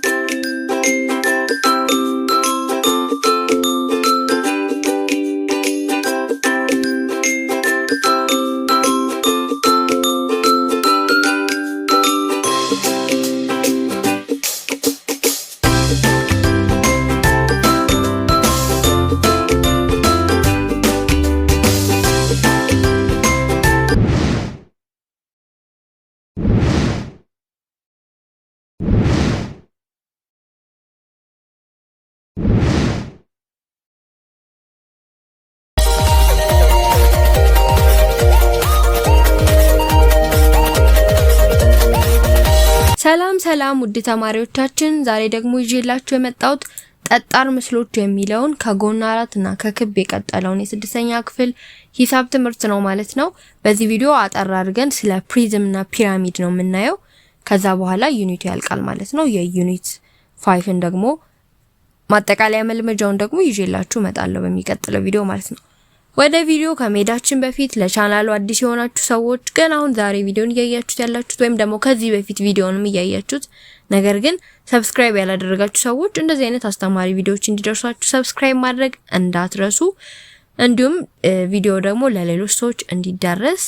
thank you ሰላም ሰላም ውድ ተማሪዎቻችን፣ ዛሬ ደግሞ ይዤላችሁ የመጣሁት ጠጣር ምስሎች የሚለውን ከጎን አራት እና ከክብ የቀጠለውን የስድስተኛ ክፍል ሂሳብ ትምህርት ነው ማለት ነው። በዚህ ቪዲዮ አጠር አድርገን ስለ ፕሪዝም እና ፒራሚድ ነው የምናየው። ከዛ በኋላ ዩኒቱ ያልቃል ማለት ነው። የዩኒት ፋይፍን ደግሞ ማጠቃለያ መልመጃውን ደግሞ ይዤላችሁ እመጣለሁ በሚቀጥለው ቪዲዮ ማለት ነው። ወደ ቪዲዮ ከመሄዳችን በፊት ለቻናሉ አዲስ የሆናችሁ ሰዎች ግን አሁን ዛሬ ቪዲዮን እያያችሁት ያላችሁት ወይም ደግሞ ከዚህ በፊት ቪዲዮንም እያያችሁት ነገር ግን ሰብስክራይብ ያላደረጋችሁ ሰዎች እንደዚህ አይነት አስተማሪ ቪዲዮዎች እንዲደርሷችሁ ሰብስክራይብ ማድረግ እንዳትረሱ፣ እንዲሁም ቪዲዮ ደግሞ ለሌሎች ሰዎች እንዲዳረስ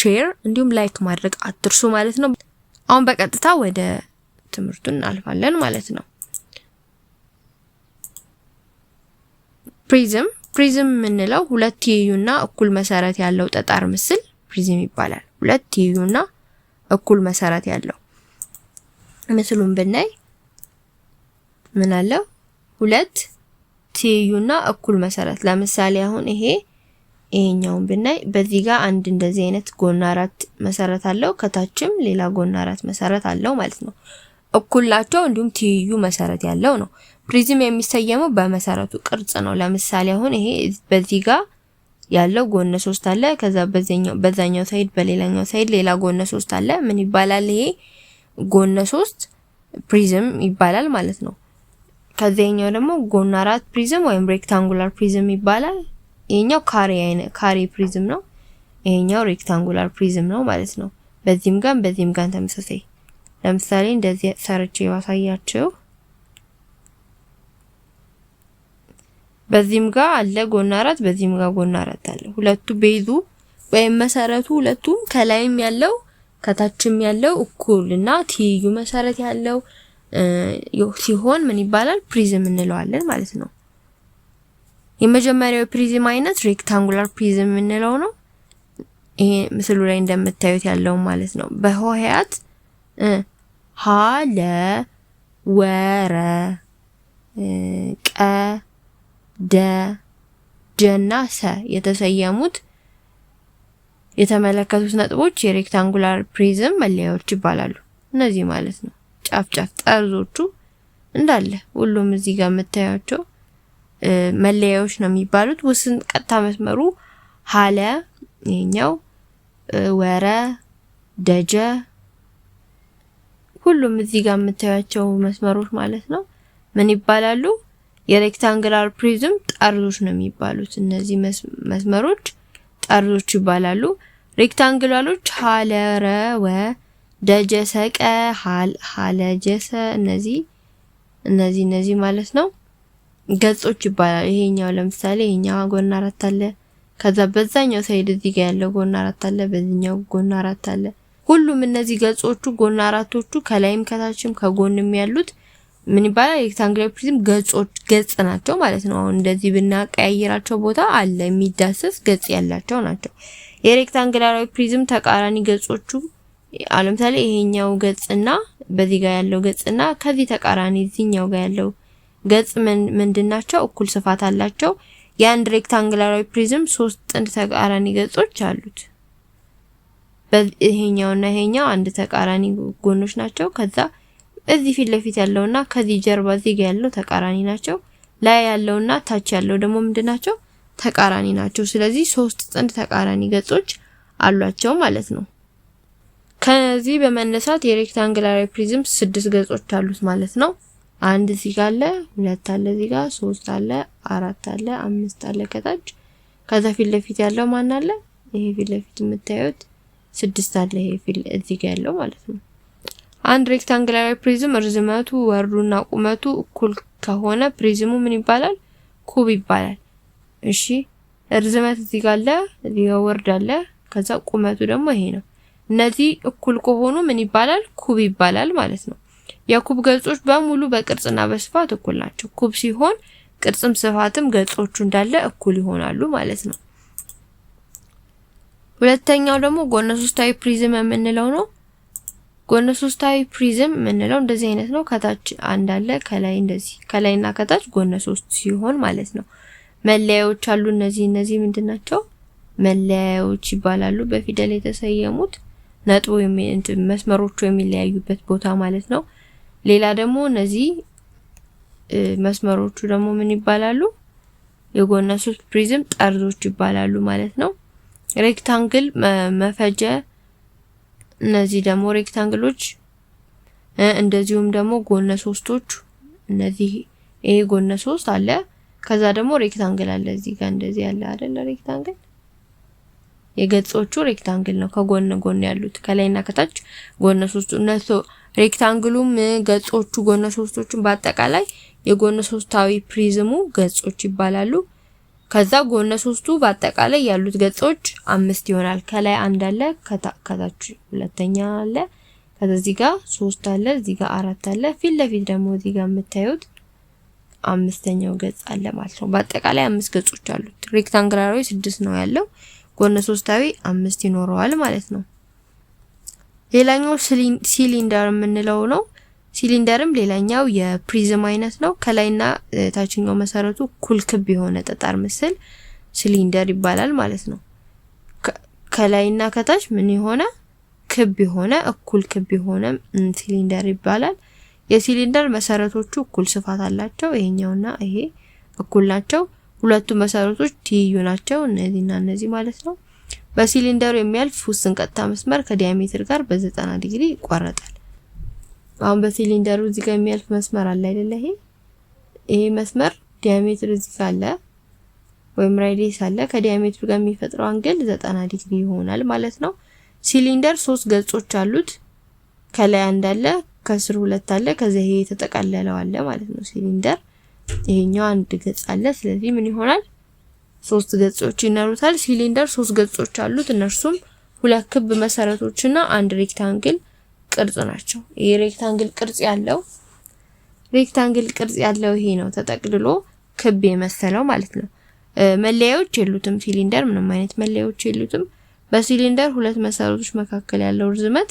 ሼር እንዲሁም ላይክ ማድረግ አትርሱ ማለት ነው። አሁን በቀጥታ ወደ ትምህርቱ እናልፋለን ማለት ነው። ፕሪዝም ፕሪዝም የምንለው ሁለት እና እኩል መሰረት ያለው ጠጣር ምስል ፕሪዝም ይባላል። ሁለት እና እኩል መሰረት ያለው ምስሉን ብናይ ምን አለው? ሁለት እና እኩል መሰረት። ለምሳሌ አሁን ይሄ ይሄኛውን ብናይ በዚህ ጋር አንድ እንደዚህ አይነት ጎን አራት መሰረት አለው፣ ከታችም ሌላ ጎን አራት መሰረት አለው ማለት ነው። እኩል ናቸው፣ እንዲሁም ትይዩ መሰረት ያለው ነው። ፕሪዝም የሚሰየመው በመሰረቱ ቅርጽ ነው። ለምሳሌ አሁን ይሄ በዚህ ጋር ያለው ጎነ ሶስት አለ። ከዛ በዚህኛው በዛኛው ሳይድ በሌላኛው ሳይድ ሌላ ጎነ ሶስት አለ። ምን ይባላል? ይሄ ጎነ ሶስት ፕሪዝም ይባላል ማለት ነው። ከዚህኛው ደግሞ ጎነ አራት ፕሪዝም ወይም ሬክታንጉላር ፕሪዝም ይባላል። ይሄኛው ካሬ አይነ ካሬ ፕሪዝም ነው። ይሄኛው ሬክታንጉላር ፕሪዝም ነው ማለት ነው። በዚህም ጋር በዚህም ጋር ተመሳሳይ። ለምሳሌ እንደዚህ ሰርቼ ያሳያችሁ። በዚህም ጋር አለ ጎን አራት፣ በዚህም ጋር ጎን አራት አለ። ሁለቱ ቤዙ ወይም መሰረቱ ሁለቱም ከላይም ያለው ከታችም ያለው እኩል እና ትይዩ መሰረት ያለው ሲሆን ምን ይባላል? ፕሪዝም እንለዋለን ማለት ነው። የመጀመሪያው ፕሪዝም አይነት ሬክታንጉላር ፕሪዝም እንለው ነው። ይሄ ምስሉ ላይ እንደምታዩት ያለው ማለት ነው። በሆሄያት ሃለ ወረ ቀ ደ ጀና ሰ የተሰየሙት የተመለከቱት ነጥቦች የሬክታንጉላር ፕሪዝም መለያዎች ይባላሉ። እነዚህ ማለት ነው ጫፍ ጫፍ ጠርዞቹ እንዳለ ሁሉም እዚህ ጋር የምታያቸው መለያዎች ነው የሚባሉት። ውስን ቀጥታ መስመሩ ሀለ ይሄኛው ወረ ደጀ ሁሉም እዚህ ጋር የምታያቸው መስመሮች ማለት ነው ምን ይባላሉ? የሬክታንግላር ፕሪዝም ጠርዞች ነው የሚባሉት። እነዚህ መስመሮች ጠርዞች ይባላሉ። ሬክታንግላሮች ሀለረ ወ ደጀሰቀ ሀለጀሰ እነዚህ እነዚህ እነዚህ ማለት ነው ገጾች ይባላሉ። ይሄኛው ለምሳሌ ይሄኛው ጎን አራት አለ፣ ከዛ በዛኛው ሳይድ እዚህ ጋር ያለው ጎን አራት አለ፣ በዚህኛው ጎን አራት አለ። ሁሉም እነዚህ ገጾቹ ጎን አራቶቹ ከላይም ከታችም ከጎንም ያሉት ምን ይባላል ሬክታንግላር ፕሪዝም ገጾች ገጽ ናቸው ማለት ነው። አሁን እንደዚህ ብናቀያየራቸው ቦታ አለ የሚዳሰስ ገጽ ያላቸው ናቸው። የሬክታንግላራዊ ፕሪዝም ተቃራኒ ገጾቹ ለምሳሌ ይሄኛው ገጽና በዚህ ጋር ያለው ገጽና ከዚህ ተቃራኒ እዚህኛው ጋር ያለው ገጽ ምንድናቸው እኩል ስፋት አላቸው። የአንድ ሬክታንግላራዊ ፕሪዝም ሶስት ጥንድ ተቃራኒ ገጾች አሉት። ይሄኛውና ይሄኛው አንድ ተቃራኒ ጎኖች ናቸው። ከዛ እዚህ ፊት ለፊት ያለውና ከዚህ ጀርባ እዚህ ጋር ያለው ተቃራኒ ናቸው። ላይ ያለውና ታች ያለው ደግሞ ምንድን ናቸው? ተቃራኒ ናቸው። ስለዚህ ሶስት ጥንድ ተቃራኒ ገጾች አሏቸው ማለት ነው። ከዚህ በመነሳት የሬክታንግላር ፕሪዝም ስድስት ገጾች አሉት ማለት ነው። አንድ እዚህ ጋር አለ፣ ሁለት አለ፣ እዚህ ጋር ሶስት አለ፣ አራት አለ፣ አምስት አለ ከታች። ከዛ ፊት ለፊት ያለው ማን አለ? ይሄ ፊት ለፊት የምታዩት ስድስት አለ። ይሄ ፊት እዚህ ጋር ያለው ማለት ነው። አንድ ሬክታንግላዊ ፕሪዝም ርዝመቱ ወርዱና ቁመቱ እኩል ከሆነ ፕሪዝሙ ምን ይባላል? ኩብ ይባላል። እሺ ርዝመት እዚህ ጋር አለ፣ እዚህ ጋር ወርድ አለ፣ ከዛ ቁመቱ ደግሞ ይሄ ነው። እነዚህ እኩል ከሆኑ ምን ይባላል? ኩብ ይባላል ማለት ነው። የኩብ ገጾች በሙሉ በቅርጽና በስፋት እኩል ናቸው። ኩብ ሲሆን ቅርጽም ስፋትም ገጾቹ እንዳለ እኩል ይሆናሉ ማለት ነው። ሁለተኛው ደግሞ ጎነ ሶስታዊ ፕሪዝም የምንለው ነው። ጎነ ሶስታዊ ፕሪዝም የምንለው እንደዚህ አይነት ነው። ከታች አንድ አለ፣ ከላይ እንደዚህ ከላይና ከታች ጎነ ሶስት ሲሆን ማለት ነው። መለያዎች አሉ። እነዚህ እነዚህ ምንድን ናቸው? መለያዎች ይባላሉ። በፊደል የተሰየሙት ነጥቦ መስመሮቹ የሚለያዩበት ቦታ ማለት ነው። ሌላ ደግሞ እነዚህ መስመሮቹ ደግሞ ምን ይባላሉ? የጎነ ሶስት ፕሪዝም ጠርዞች ይባላሉ ማለት ነው። ሬክታንግል መፈጀ እነዚህ ደግሞ ሬክታንግሎች እንደዚሁም ደግሞ ጎነ ሶስቶች እነዚህ ይሄ ጎነ ሶስት አለ። ከዛ ደግሞ ሬክታንግል አለ እዚህ ጋር እንደዚህ ያለ አይደል? ሬክታንግል የገጾቹ ሬክታንግል ነው። ከጎን ጎን ያሉት ከላይና ከታች ጎነ ሶስቱ እነሱ ሬክታንግሉም ገጾቹ ጎነ ሶስቶቹን በአጠቃላይ የጎነ ሶስታዊ ፕሪዝሙ ገጾች ይባላሉ። ከዛ ጎነ ሶስቱ በአጠቃላይ ያሉት ገጾች አምስት ይሆናል። ከላይ አንድ አለ፣ ከታች ሁለተኛ አለ፣ ከዚህ ጋር ሶስት አለ፣ እዚህ ጋር አራት አለ፣ ፊት ለፊት ደግሞ እዚህ ጋር የምታዩት አምስተኛው ገጽ አለ ማለት ነው። በአጠቃላይ አምስት ገጾች አሉት። ሬክታንግላራዊ ስድስት ነው ያለው፣ ጎነ ሶስታዊ አምስት ይኖረዋል ማለት ነው። ሌላኛው ሲሊንደር የምንለው ነው። ሲሊንደርም ሌላኛው የፕሪዝም አይነት ነው። ከላይና ታችኛው መሰረቱ ኩል ክብ የሆነ ጠጣር ምስል ሲሊንደር ይባላል ማለት ነው። ከላይና ከታች ምን የሆነ ክብ የሆነ እኩል ክብ የሆነ ሲሊንደር ይባላል። የሲሊንደር መሰረቶቹ እኩል ስፋት አላቸው። ይሄኛውና ይሄ እኩል ናቸው። ሁለቱ መሰረቶች ትይዩ ናቸው። እነዚህና እነዚህ ማለት ነው። በሲሊንደሩ የሚያልፍ ውስን ቀጥታ መስመር ከዲያሜትር ጋር በ90 ዲግሪ ይቋረጣል። አሁን በሲሊንደሩ እዚህ ጋር የሚያልፍ መስመር አለ አይደለ? ይሄ ይሄ መስመር ዲያሜትር እዚህ ጋር አለ ወይም ራዲየስ አለ። ከዲያሜትሩ ጋር የሚፈጥረው አንግል ዘጠና ዲግሪ ይሆናል ማለት ነው። ሲሊንደር ሶስት ገጾች አሉት። ከላይ አንድ አለ፣ ከስር ሁለት አለ፣ ከዚህ ይሄ የተጠቃለለው አለ ማለት ነው። ሲሊንደር ይሄኛው አንድ ገጽ አለ። ስለዚህ ምን ይሆናል? ሶስት ገጾች ይኖሩታል። ሲሊንደር ሶስት ገጾች አሉት። እነርሱም ሁለት ክብ መሰረቶችና አንድ ሬክታንግል ቅርጽ ናቸው። ይሄ ሬክታንግል ቅርጽ ያለው ሬክታንግል ቅርጽ ያለው ይሄ ነው ተጠቅልሎ ክብ የመሰለው ማለት ነው። መለያዎች የሉትም። ሲሊንደር ምንም አይነት መለያዎች የሉትም። በሲሊንደር ሁለት መሰረቶች መካከል ያለው ርዝመት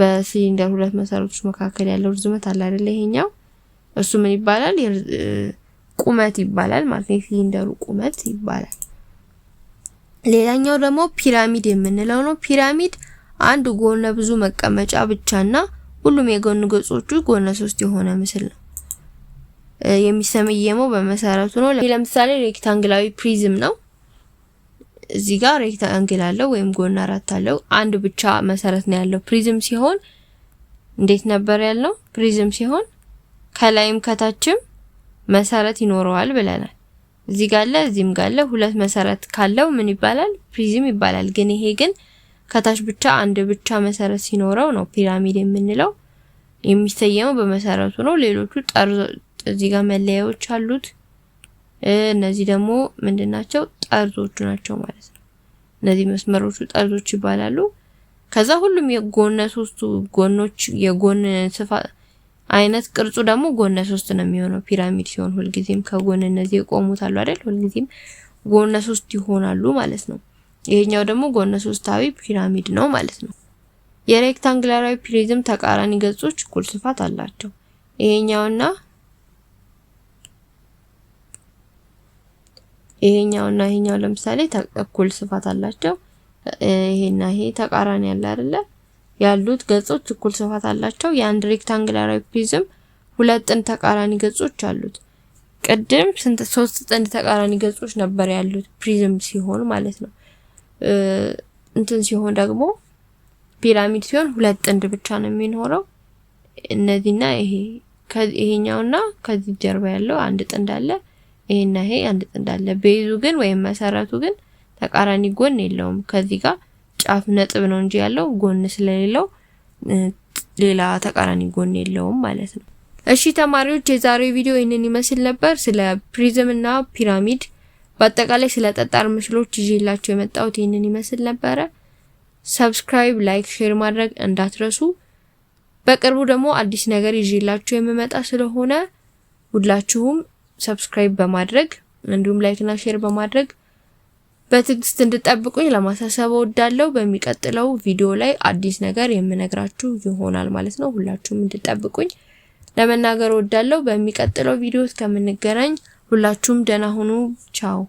በሲሊንደር ሁለት መሰረቶች መካከል ያለው ርዝመት አለ አይደል? ይሄኛው እሱ ምን ይባላል? ቁመት ይባላል ማለት ነው። የሲሊንደሩ ቁመት ይባላል። ሌላኛው ደግሞ ፒራሚድ የምንለው ነው። ፒራሚድ አንድ ጎነ ብዙ መቀመጫ ብቻና ሁሉም የጎን ገጾቹ ጎነ ሶስት የሆነ ምስል ነው። የሚሰመየመው በመሰረቱ ነው። ለምሳሌ ሬክታንግላዊ ፕሪዝም ነው። እዚህ ጋር ሬክታንግል አለው ወይም ጎን አራት አለው። አንድ ብቻ መሰረት ነው ያለው። ፕሪዝም ሲሆን እንዴት ነበር ያለው ፕሪዝም ሲሆን ከላይም ከታችም መሰረት ይኖረዋል ብለናል። እዚህ ጋር እዚህም ጋር ሁለት መሰረት ካለው ምን ይባላል? ፕሪዝም ይባላል። ግን ይሄ ግን ከታች ብቻ አንድ ብቻ መሰረት ሲኖረው ነው ፒራሚድ የምንለው። የሚሰየመው በመሰረቱ ነው። ሌሎቹ ጠርዝ እዚህ ጋር መለያዎች አሉት። እነዚህ ደግሞ ምንድናቸው ጠርዞቹ ናቸው ማለት ነው። እነዚህ መስመሮቹ ጠርዞች ይባላሉ። ከዛ ሁሉም የጎነ ሶስቱ ጎኖች የጎን ስፋ አይነት ቅርጹ ደግሞ ጎነ ሶስት ነው የሚሆነው ፒራሚድ ሲሆን ሁልጊዜም ከጎን እነዚህ የቆሙት አሉ አይደል? ሁልጊዜም ጎነ ሶስት ይሆናሉ ማለት ነው። ይሄኛው ደግሞ ጎነ ሶስታዊ ፒራሚድ ነው ማለት ነው። የሬክታንግላራዊ ፕሪዝም ተቃራኒ ገጾች እኩል ስፋት አላቸው። ይሄኛውና ይሄኛውና ይሄኛው ለምሳሌ እኩል ስፋት አላቸው። ይሄና ይሄ ተቃራኒ ያለ አይደለ? ያሉት ገጾች እኩል ስፋት አላቸው። የአንድ ሬክታንግላራዊ ፕሪዝም ሁለት ጥንድ ተቃራኒ ገጾች አሉት። ቅድም ስንት ሶስት ጥንድ ተቃራኒ ገጾች ነበር ያሉት ፕሪዝም ሲሆን ማለት ነው። እንትን ሲሆን ደግሞ ፒራሚድ ሲሆን ሁለት ጥንድ ብቻ ነው የሚኖረው። እነዚህና ይሄ ይሄኛውና ከዚህ ጀርባ ያለው አንድ ጥንድ አለ። ይሄና ይሄ አንድ ጥንድ አለ። ቤዙ ግን ወይም መሰረቱ ግን ተቃራኒ ጎን የለውም። ከዚህ ጋር ጫፍ ነጥብ ነው እንጂ ያለው ጎን ስለሌለው ሌላ ተቃራኒ ጎን የለውም ማለት ነው። እሺ ተማሪዎች፣ የዛሬው ቪዲዮ ይህንን ይመስል ነበር። ስለ ፕሪዝም እና ፒራሚድ በአጠቃላይ ስለ ጠጣር ምስሎች ይዤላችሁ የመጣሁት ይህንን ይመስል ነበረ። ሰብስክራይብ፣ ላይክ፣ ሼር ማድረግ እንዳትረሱ። በቅርቡ ደግሞ አዲስ ነገር ይዤላችሁ የምመጣ ስለሆነ ሁላችሁም ሰብስክራይብ በማድረግ እንዲሁም ላይክና ሼር በማድረግ በትዕግስት እንድጠብቁኝ ለማሳሰብ እወዳለሁ። በሚቀጥለው ቪዲዮ ላይ አዲስ ነገር የምነግራችሁ ይሆናል ማለት ነው። ሁላችሁም እንድጠብቁኝ ለመናገር እወዳለሁ። በሚቀጥለው ቪዲዮ እስከምንገናኝ ሁላችሁም ደህና ሁኑ። ቻው